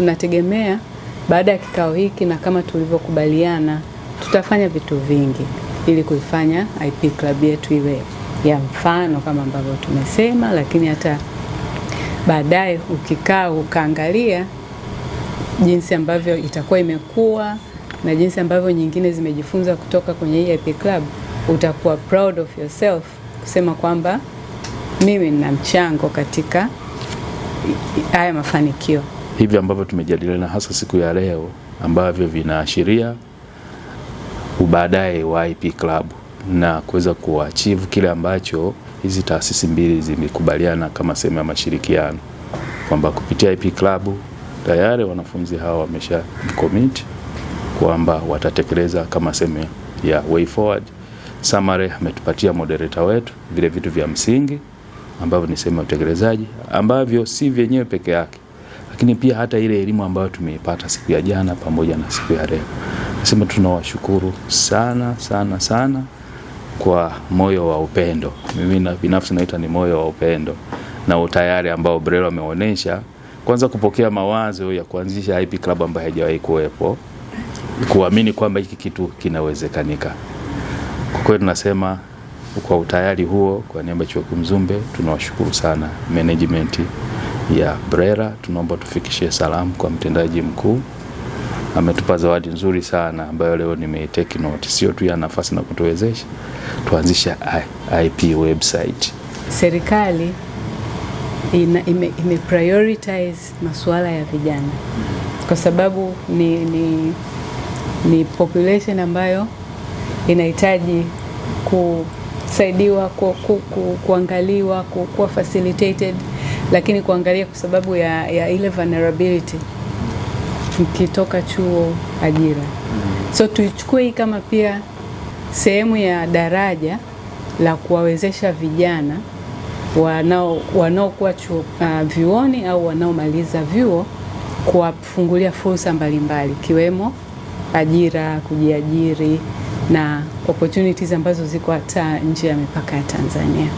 tunategemea baada ya kikao hiki na kama tulivyokubaliana, tutafanya vitu vingi ili kuifanya IP Club yetu iwe ya mfano kama ambavyo tumesema, lakini hata baadaye ukikaa ukaangalia jinsi ambavyo itakuwa imekuwa na jinsi ambavyo nyingine zimejifunza kutoka kwenye hii IP Club, utakuwa proud of yourself kusema kwamba mimi nina mchango katika haya mafanikio hivi ambavyo tumejadiliana hasa siku ya leo ambavyo vinaashiria ubaadaye wa IP Club na kuweza kuachieve kile ambacho hizi taasisi mbili zimekubaliana kama sehemu ya mashirikiano kwamba kupitia IP Club tayari wanafunzi hawa wamesha commit kwamba watatekeleza kama sehemu ya way forward. Samare ametupatia moderator wetu vile vitu vya msingi ambavyo ni sehemu ya utekelezaji ambavyo si vyenyewe peke yake lakini pia hata ile elimu ambayo tumeipata siku ya jana pamoja na siku ya leo. Nasema tunawashukuru sana sana sana kwa moyo wa upendo. Mimi na binafsi naita ni moyo wa upendo na utayari ambao Brelo ameonyesha kwanza kupokea mawazo ya kuanzisha IP club ambayo haijawahi kuwepo, kuamini kwamba hiki kitu kinawezekanika. Kwa kweli tunasema kwa utayari huo, kwa niaba ya chuo Mzumbe tunawashukuru sana management ya BRELA. Tunaomba tufikishie salamu kwa mtendaji mkuu, ametupa zawadi nzuri sana ambayo leo nimeiteki note, sio tu ya nafasi na kutuwezesha tuanzisha IP website. Serikali ina, ime, ime prioritize masuala ya vijana kwa sababu ni, ni, ni population ambayo inahitaji kusaidiwa ku, ku, ku, kuangaliwa ku, kuwa facilitated lakini kuangalia kwa sababu ya, ya ile vulnerability nikitoka chuo ajira. Mm-hmm. So tuichukue hii kama pia sehemu ya daraja la kuwawezesha vijana wanao wanaokuwa uh, vyuoni au wanaomaliza vyuo kuwafungulia fursa mbalimbali ikiwemo ajira, kujiajiri na opportunities ambazo ziko hata nje ya mipaka ya Tanzania.